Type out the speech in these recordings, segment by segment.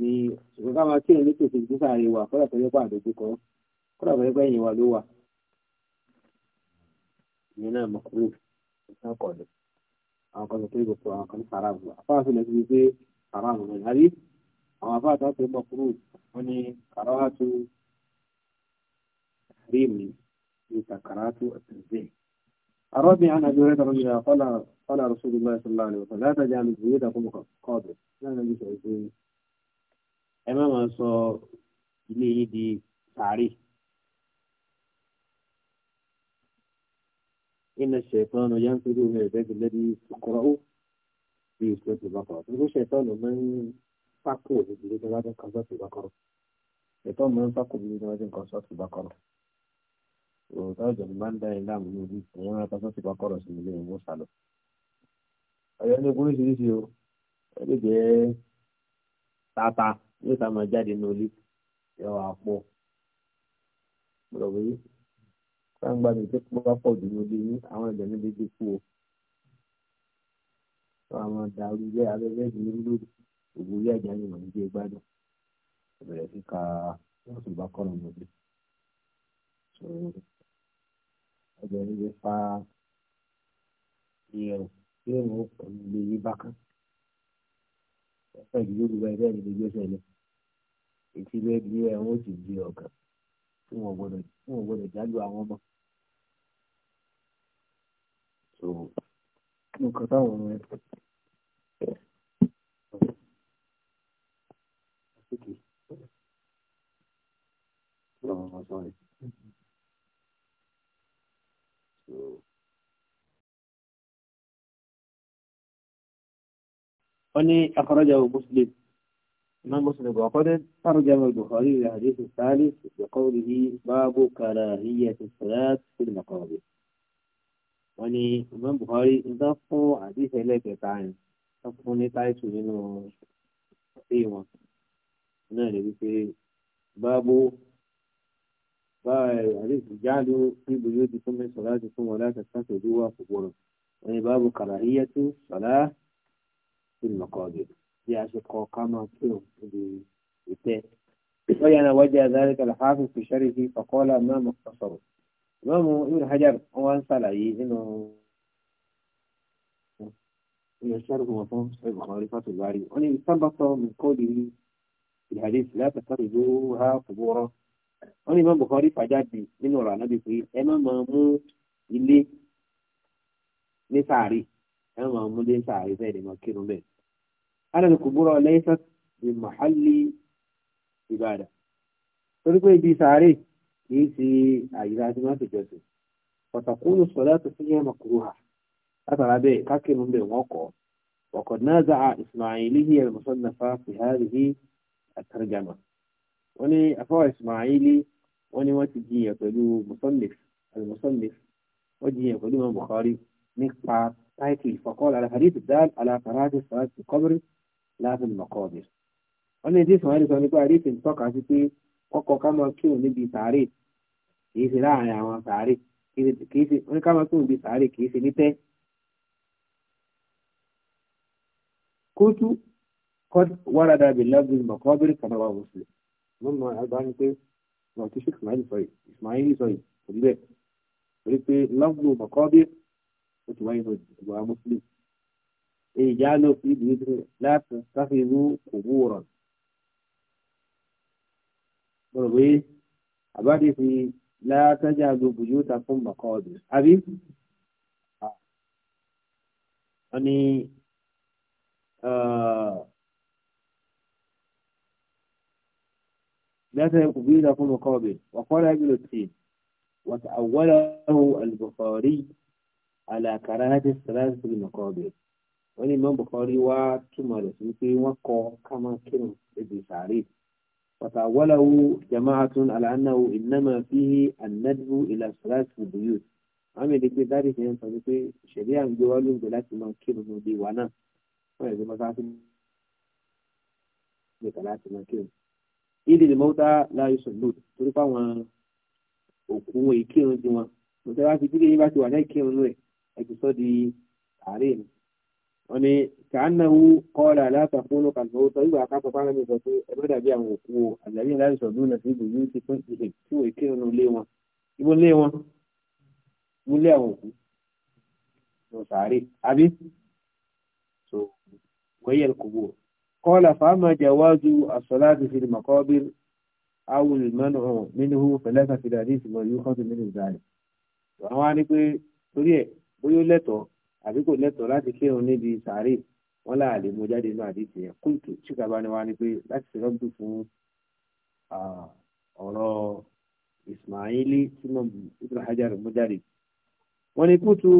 ní ṣùgbọ́n ká máa kírun nítòsí tó sáré wa kọ́dà tó yẹ kó àdójú kọ́ kọ́dà tó yẹ kó ẹ̀yìn wa ló wà. ìyẹn náà mọ̀ kúrò ìtàn kọ̀ọ̀dọ̀ àwọn kan tó kéré gbogbo àwọn kan sàrà bù àfáà tó lọ sí pé sàrà bù náà rí àwọn àfáà tó kéré mọ̀ kúrò wọn ni kàrọ́wá tó rí mi ní sàkàràtú àtẹ̀sẹ̀. الرابع عن أبي هريرة رضي الله قال قال رسول الله صلى الله عليه وسلم لا تجعلوا بيوتكم قاضي لا نجد ẹ má máa sọ ilé yín di sàárè. إن الشيطان ينفذ من الباب الذي تقرأه في سورة البقرة. تقول الشيطان من فاكو ìdílé tó bá dín kan sọ́ọ̀tì ìbákọ́rọ̀ ètò ọmọ ń fákò ìdílé tó bá dín kan sọ́ọ̀tì ìbákọ́rọ̀ òótọ́ ìjọba máa ń dá ilé àmì ní orí ìwọ́n máa kan sọ́ọ̀tì ìbákọ́rọ̀ sí ilé ìwọ́n sálọ. ọ̀yọ́ ní oríṣiríṣi o ẹ lè jẹ́ tata yóò sá máa jáde nínú ilé yọ àpò rọ̀wé sáńgbà mi tó bá pọ̀ jù ní ilé ní àwọn ẹ̀jẹ̀ níbi tí kú o àwọn dàrú ilé abẹ́rẹ́ ìdílé lórí òwúrí ẹ̀jẹ̀ ni wọ́n ń gbé gbádùn ìbẹ̀rẹ̀ sí ka wọ́n sì bá kọ́nà mọ́bí ẹ̀jẹ̀ níbi fa ìyẹ̀wò tí èèyàn ó pọ̀ nílé yí bákan ẹ̀fọn ìdílé olùwà ẹgbẹ́ ìdílé gbèsè lọ ètí ilé ìdílé ẹ̀wọ̀n ó sì di ọ̀gàn tí wọ́n gbọ́dọ̀ jálù àwọn ọmọ. so nǹkan táwọn ọmọ ẹ̀ Oh, sorry. So. وني أخرجه مسلم الإمام مسلم وقد ترجم البخاري الحديث الثالث بقوله باب كراهية الصلاة في المقابر وني الإمام البخاري ضاف حديث إليك تعالى تفهمني تعيش منه قيمة هنا في باب حديث جعلوا في بيوتكم من صلاتكم ولا تستخدموها قبورا يعني باب كراهية الصلاة المقابر يا شقة قام فيهم بالتاء وبين وجه ذلك الحافظ في شرحه فقال ما مختصر إمام ابن حجر وأن سلعي إنه يشارك مفهوم صحيح البخاري فات الباري وأن يستنبط من قوله في الحديث لا تتخذوها قبورا وأن إمام بخاري فجاد من وراء النبي في إمام مامو اللي نساري ẹ máa mú dé sàárè bẹ́ẹ̀ ni máa kírun bẹ́ẹ̀. alẹ́ kò gbúrọ̀ lẹ́sẹ̀ ní màhálì ìbàdà torí pé ibi sàárè kìí ṣe àyíká tí wọ́n ti jọsìn pàtàkùn sọ̀rọ̀ tó fi yẹn mọ̀kúrú hà látara bẹ́ẹ̀ kákírun bẹ́ẹ̀ wọ́n kọ́ ọkọ̀ náà zà ìsìmáìlì yìí ẹ̀rọ mọ̀sánnáfà fi hàrí yìí àtàrjàmà wọ́n ní afọ́ ìsìmáìlì wọ́n ní wọ́n ti jiyàn pẹ̀lú musannif al wọ́n jiyàn pẹ̀lú mọ̀ Bukhari nípa تايتل فقال على حديث الدال على كراهة الصلاة في القبر لا في المقابر wọ́n ní dísùn wáyé sọ nípa àdífin tọ́ka sí pé kọ́kọ́ ká máa kírun níbi sàárè kìí ṣe láàrin àwọn sàárè kìí ṣe wọ́n ní ká máa kírun níbi sàárè kìí ṣe nítẹ́. kótó wàrà dàbí lọ́gbìn mọ̀kọ́bìrì kanáwá mùsùlùmí wọ́n mọ àgbà ní pé wọ́n ti ṣe ìsmáìlì sọ yìí ìsmáìlì sọ yìí kò rí bẹ́ẹ̀ torí pé lọ́gbìn mọ̀kọ́bìrì ó ti wáyé ìwà muslim ìjánu fi ìdílé láti káfíńú kòwó rọ bọ̀rọ̀ pé àbádé fi látàjà gbogbo yóò ta fún bàkọ́ ọ̀dùn àbí wọ́n ní لا قبيلة مقابل وقال أجل الدين وتأوله البخاري àlàkàrà láti sàlátì tó lè kọ́ ọbẹ̀ wọ́n ní Imam Bukhari wá túmọ̀ rẹ̀ sí pé wọ́n kọ kámá kírun ebi sàárè wàtàwọ́láwù jamaatun aláǹnáwù ìnáma fíhi ànádìbò ìlà sàlátì tó bùyù wọ́n mi lè pe dáàbì fi hàn sọ pé ìṣẹ̀lẹ̀ à ń gbé wá lóúnjẹ láti máa kírun ní ibi ìwà náà wọ́n yẹ kí wọ́n sáà fún láti máa kírun. ìdí ni mọ́tà láàyè sọ̀lù torí pàwọn ẹ̀jùsọ́ di àárẹ̀ ni. wọ́n ní kàánáwó kọ́ọ̀lá látàkùnú kàlùfọ́wọ́sọ ìgbà àkàtọ̀ fáwọn mi sọ pé ẹgbẹ́ dàbí àwọn òkú o àjàbí ńlá ìṣọ̀dún náà sí ìgbòyún ti fún ìṣe tí wọ́n kí wọn lé wọn ibo lé wọn ibo lé àwọn òkú lọ sàárè àbí so wọ́n yẹ kúbò fàámà jàwájú àṣọlá ti fi màkọ́bìr awul mẹ́nu nínú fẹ̀lẹ́sà fìdí àdìsí wọ́n yóò kọ́ bóyá ó lẹ́tọ̀ọ́ àbí kò lẹ́tọ̀ọ́ láti kírun níbi sàárè wọn là lè mú jáde inú àdìsí yẹn kúìtù ṣùgbọ́n abániwá ni pé láti ṣe rọ́bù fún ọ̀rọ̀ ismaili tí mo ibùdó hajar mú jáde. wọ́n ní kútu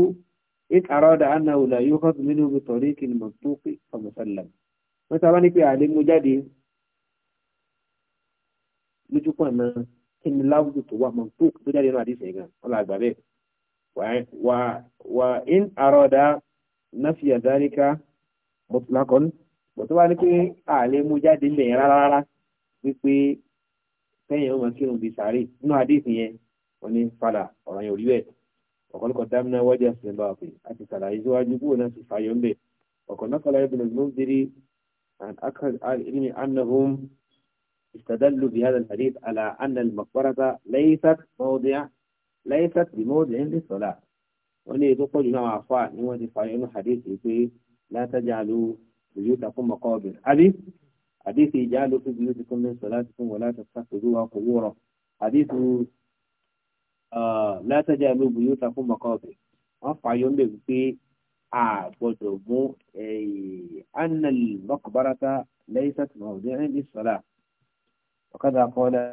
in àròdà ọ̀là yóò kọ́ tùmí níbi tọ̀rí kí ni mo tó pé ọmọsálà. wọ́n sábà ní pé àlè mú jáde lójúpọ̀ náà kí ni láwùjọ tó wà mo tó jáde inú àdìsí yẹn gan wọ́n là bẹ́ẹ̀. وإن أراد نفي ذلك مطلقا bọ̀tọ́ bá ní pé àlè mú jáde ńlẹ̀ yẹn rárá wípé tẹ́yìn ọmọ kírun bíi sàárè nínú àdéhùn yẹn wọn ní fàlà ọ̀ràn yẹn ò rí bẹ́ẹ̀ ọ̀kọ́lùkọ̀ dámínà wájú àṣìṣe bá pè àti sàlàyé síwájú bóun náà sì fàyọ̀ ńbẹ̀ ọ̀kọ̀ nákàlà ibùdó lóńdírí عن أكثر أهل العلم أنهم استدلوا بهذا الحديث على أن المقبرة ليست موضع lẹ́yìn sẹ́tì bí mọ́ọ̀dù ẹ̀ ń lè sọ́lá wọ́n ní ètò pọ̀jù náà àfà ni wọ́n ti fààyàn ní hadithi pé látàjà ló ìlú takún mọ́kọ́ ọ̀bẹ̀ àbí hadithi ìjà ló fi bìlú ti kún ní sọ́lá ti fún wọn láti sàkóso wa kò wúrọ̀ hadithi látàjà ló ìlú takún mọ́kọ́ ọ̀bẹ̀ wọ́n fààyàn lè wí pé a gbọ́dọ̀ mú annal mọ́kàbárata lẹ́yìn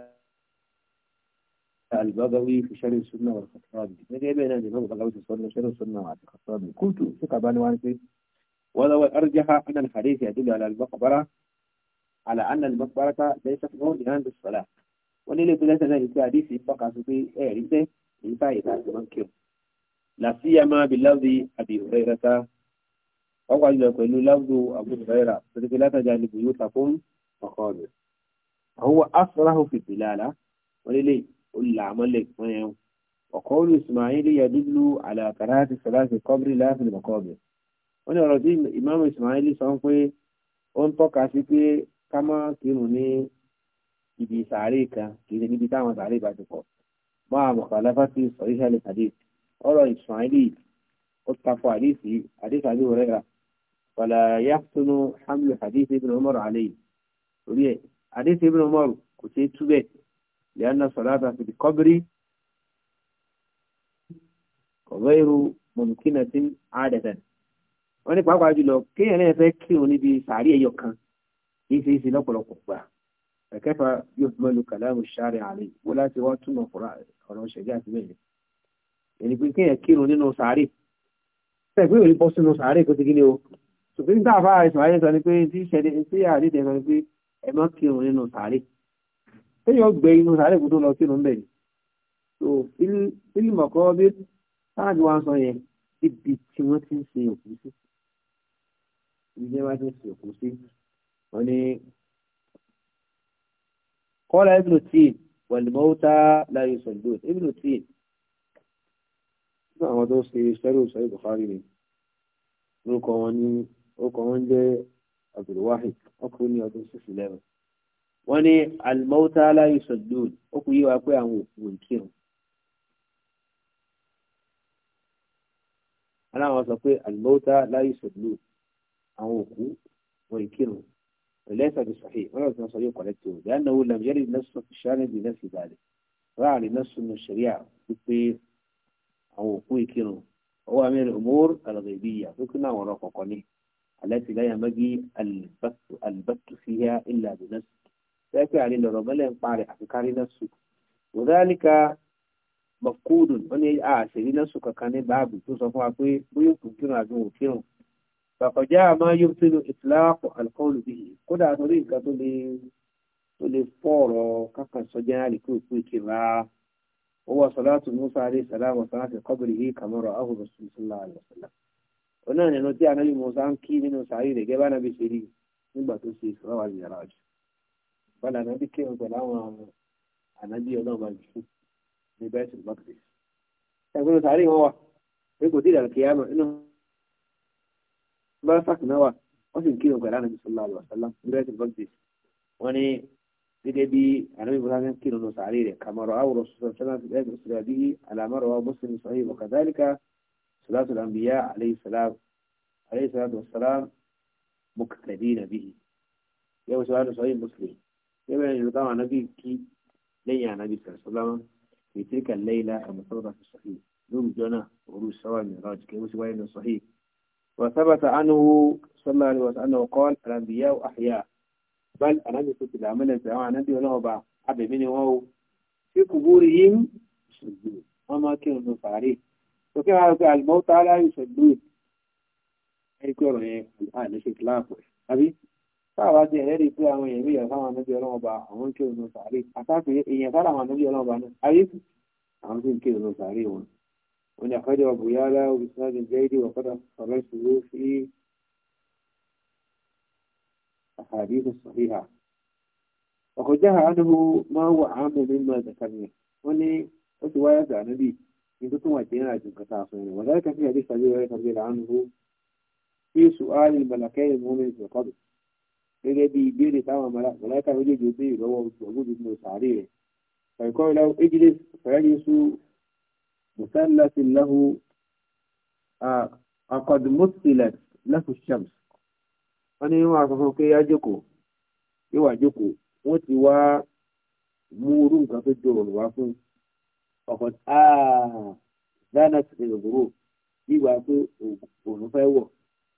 البغوي في شر السنة والخطابي ما جاي بين الإمام البغوي في السنة شر السنة والخطابي قلت ثقة بن وانسي ولو أرجح أن الحديث يدل على المقبرة على أن المقبرة ليست مولدا بالصلاة ونلي بلا سنة الحديث يبقى في إعرفة ينفعي ذات منكر لا سيما باللفظ أبي هريرة وقال يقول لفظ أبو هريرة صدق لا تجعل بيوتكم مقابر هو أصره في الدلالة ولليه ó là mọ́lẹ̀ pọ́n yẹn ọ̀kọ́ olú Ismail yadúlú àlàkàrà àti sọláṣẹ kọ́bírí láàfin mọ̀kọ́bì wọ́n ní ọ̀rọ̀ tí Imam Ismail sọ pé ó ń tọ́ka sí pé ká má kírun ní ibi sàárè kan kì í ṣe níbi táwọn sàárè bá ti pọ̀ máa mọ̀kànláfà sí sọ̀ríṣàlẹ̀ hadith ọ̀rọ̀ Ismail ó takò hadith hadith àbí òrẹ́ra wàlà yàtúnú hamlu hadith ibn Umar alayhi orí ẹ̀ hadith ibn Umar kò ṣe é tú bẹ́ẹ̀ لأن صلاتها في القبر غير ممكنة عادة wọ́n ní pàápàá jùlọ kéèyàn náà fẹ́ kírun níbi sàárì ẹ̀yọ kan kì í ṣe é ṣe lọ́pọ̀lọpọ̀ gbà ẹ̀kẹ́fà yóò fi mọ́lu kàlámù sáré àárẹ̀ wó láti wá túmọ̀ ọ̀rọ̀ ṣẹ̀jẹ̀ àti bẹ́ẹ̀ ẹni pé kéèyàn kírun nínú sàárì tẹ̀gbẹ́ òní bọ́ sínú sàárì kó ti kí ni o ṣùgbọ́n nígbà àfáà ìṣòwò ayé sọ ni pé tí ìṣẹ̀lẹ̀ tí àdéhùn sọ ni pé ẹ má kírun nínú sàárì téèyàn gbẹ inú sàárè kó tó lọ sínú bẹ́ẹ̀ so fílímọ̀kọ́ bí sáàdì wa sọ yẹn ibi tí wọ́n ti ń ṣe òkú sí ibi tí wọ́n ti ń ṣe òkú sí wọ́n ní kọ́lá ibùdó tíì wàlìmọ́wútá láyé sọ̀dọ̀ ibùdó tíì nínú àwọn tó ṣe sẹ́rù sẹ́rù Bukhari ni orúkọ wọn ní orúkọ wọn jẹ́ Abdulwahid ọkùnrin ọdún six wọ́n ní alimọ́ta aláyùsọ̀dún ó kú yí wa انا àwọn òkú ń kírun aláwọn sọ pé alimọ́ta aláyùsọ̀dún àwọn òkú wọ́n ń kírun وليس بصحيح ولا تنصريه قلته لأنه لم يرد نص في الشارع بنفس ذلك راعى لنص من الشريعة في أو كوي كينو هو من الأمور الغيبية فكنا ورققني التي لا ينبغي البت البت فيها إلا بنص fẹ́ẹ́fẹ́ àrí lọ̀rọ̀ mẹ́lẹ̀ ń parẹ́ àti kárí náà sùn òdálíkà mọ̀kúùdùn ó ní àṣírí náà sùn kankan ní báàbù tó sọ fún wa pé bóyá òkú kírun àbí òkú kírun bàkọjá àmọ́ yóò sínú ìtìláàpọ̀ alukọ́ọ̀lù bíi kódà torí nǹkan tó lè tó lè fọ̀rọ̀ kankan sọjá àríkú òkú ìkìlá ó wà sọláàtù musa alayhi salam wa sọláàtù kọ́bìrì yìí kàmọ́rọ̀ ahùn rasulillah alayhi salam ó náà nínú tí bọ́lá ànábì kírun pẹ̀lú àwọn ànábì ọlọ́run máa jù ní bẹ́ẹ̀sì lọ́kìtì ẹgbẹ́ sàárì wọn wà pé kò dídà kìí àmọ́ inú bọ́lá sàkì náà wà wọ́n sì ń kírun pẹ̀lú ànábì sọ́lá àlọ́ sọ́lá ní bẹ́ẹ̀sì lọ́kìtì wọ́n ní gẹ́gẹ́ bí ànábì bọ́lá ń kírun ní sàárì rẹ̀ kàmọ́rọ̀ àwòrán sọ́sọ́ sọ́lá ti bẹ́ẹ̀ sọ́lá bí àlàmọ́rọ̀ wa mùsùlùmí sọ́yìn wọ̀kàdálíkà صلاة الأنبياء عليه السلام عليه الصلاة والسلام مقتدين به يوم سؤال صحيح مسلم yẹ́bẹ̀ ìlú táwọn anábì kí lẹ́yìn anábì sàrẹ́sọ́lámà ìtìríkà lẹ́yìnlá àmọ́sọ́rọ̀ fi sọ̀hí lórí jọ́nà òru sọ́wọ́ mìíràn kí wọ́n sì wáyé lọ sọ̀hí. وثبت عنه صلى الله عليه وسلم أنه قال الأنبياء أحياء بل أنبي صلى الله عليه وسلم أنبي ولو با عبد مني وهو في قبورهم يشدون وما كانوا من فعليه وكما قال الموتى لا يشدون أي كورو الآن ليش إطلاقه أبي táwa dé ẹ̀rí pé àwọn èèyàn yẹn fáwọn anábì ọlọ́wọ́ bá àwọn kí òun sàárè àtàkùn èèyàn fáwọn àwọn anábì ọlọ́wọ́ bá náà ayé kù àwọn tí ń kí òun sàárè wọn. wọn ni àkọ́jọ bùyálà olùsọ́dún jẹ́ẹ́dì wọ̀kọ́dà sọ̀rọ̀ ìṣòro sí àhàdìsì sọ̀ríhà. ọ̀kọ̀já àánú máa wà áàmù nínú ẹ̀dẹ̀kànnì wọn ni ó ti wáyà gà níbi nítorí tó wà jẹ́ àjò kàtà àfẹ́rẹ́ wọ́n dáríkà sí àdìsàlẹ̀ rẹ̀ kàbí gẹ́gẹ́ bí ìbéèrè táwọn mọ̀láìka méjèèjì béèrè lọ́wọ́ ọgbọ́dù nínú sàárè rẹ̀ fẹ̀kọ́ ìlà ejìlẹ̀ fẹ̀yẹ́yẹsù mùsàlásì lahu akọ̀dùmọ́sílẹ̀ lẹ́fùsàms wọ́n ní wọn àkọ́kọ́ pé yá jókòó yíwà jókòó wọ́n ti wá mú orú nǹkan tó jọ òrùn wá fún ọkọ̀ dáná ti ṣe òwúrò bí wàá pé òrùn fẹ́ wọ̀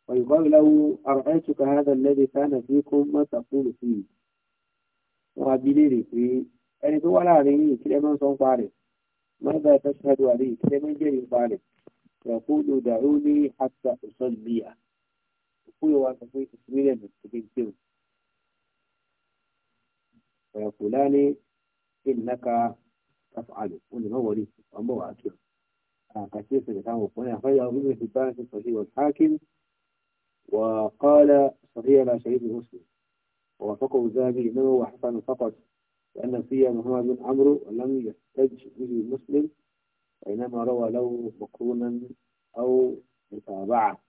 ويقال له أرأيتك هذا الذي كان فيكم ما تقول فيه وبليري في أن تولى عليه كلمة صنفاري ماذا تشهد عليه كلمة جري صالح يقول دعوني حتى أصلي يقول وأنتم تسمينا تكنتم ويقولان إنك تفعل قل هو لي أمر أكيد أكيد سيكون فيا فيا ابن حبان في الصحيح والحاكم وقال صهيب شهيد مسلم ووافقه الذهبي انه وحسن فقط لأن فيها محمد بن عمرو لم يحتج به مسلم بينما روى له مقرونا أو متابعة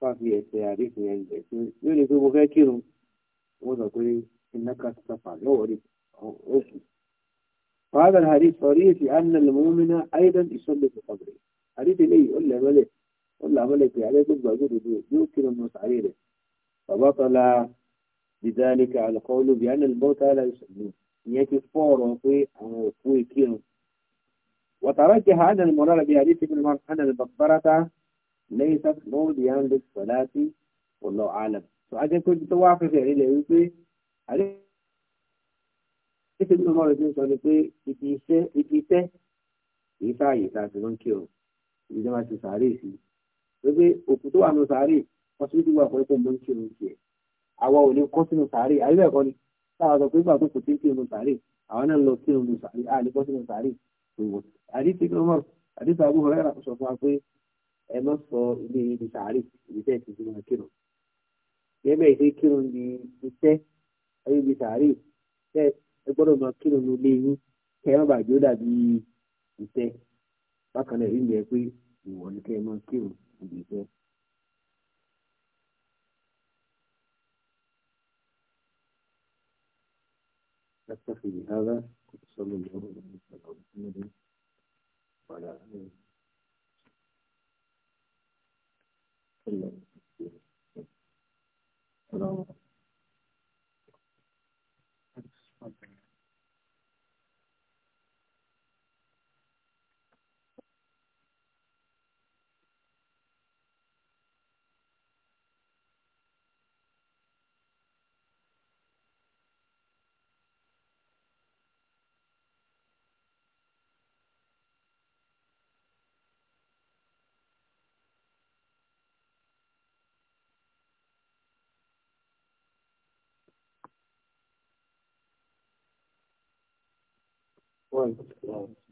ففي التاريخ يعني في مذاكره وذكر إنك تفعل هو فهذا الحديث صريح لأن المؤمن أيضا يصلي في قبره حديث ليه يقول لي ملك ó là mọ́lẹ̀ pé alẹ́ tó gbàgbọ́ òdodo yóò kírun nù sàárè rẹ̀ bàbá tọ́lá bìdálíkà alùkọ́ọ́lù bíi anilmọ́tà aláìsàn ìyẹn ti fọ́ ọ̀rọ̀ pé àwọn òkú ìkírun وترجح أن المراد بحديث ابن عمر أن المقبرة ليست موضعا للصلاة والله أعلم. فأجل كنت توافق عليه wípé حديث ابن عمر ti sọ ni pé ibi iṣẹ́ ibi iṣẹ́ ìṣá ìṣá ti ló ń ìjọba ti sàárè sí i pé òkú tó wà nù sàárè wọn sì ń dìbò àpò ẹ̀kọ́ mọ ń kírun tiẹ̀ ò lè kọ́ sínú sàárè àyè ẹ̀kọ́ ni táwa sọ pé gbà tó kò tí ń kírun sàárè àwọn náà lọ kírun nù sàárè à lè kọ́ sínú sàárè òwò àdìsí kí wọn àdìsí àbú ọ̀rẹ́ àkọsọ fún wa pé ẹ má sọ ilé ibi sàárè ibi tẹ́ ẹ ti dìbò kírun yẹ́bẹ̀ ìṣe kírun di iṣẹ́ ayé ibi sàárè tẹ́ ẹ gbọ́dọ̀ máa kírun nù lé yín kẹ́ ẹ má bàjẹ́ ó dàbí iṣẹ́ bákan náà ìrìn ẹ pé ìwọ ni kẹ́ ẹ máa kírun ibi iṣẹ́. أكتفي بهذا وصلى الله عليه وسلم وعلى آله وسلم السلام عليكم Wow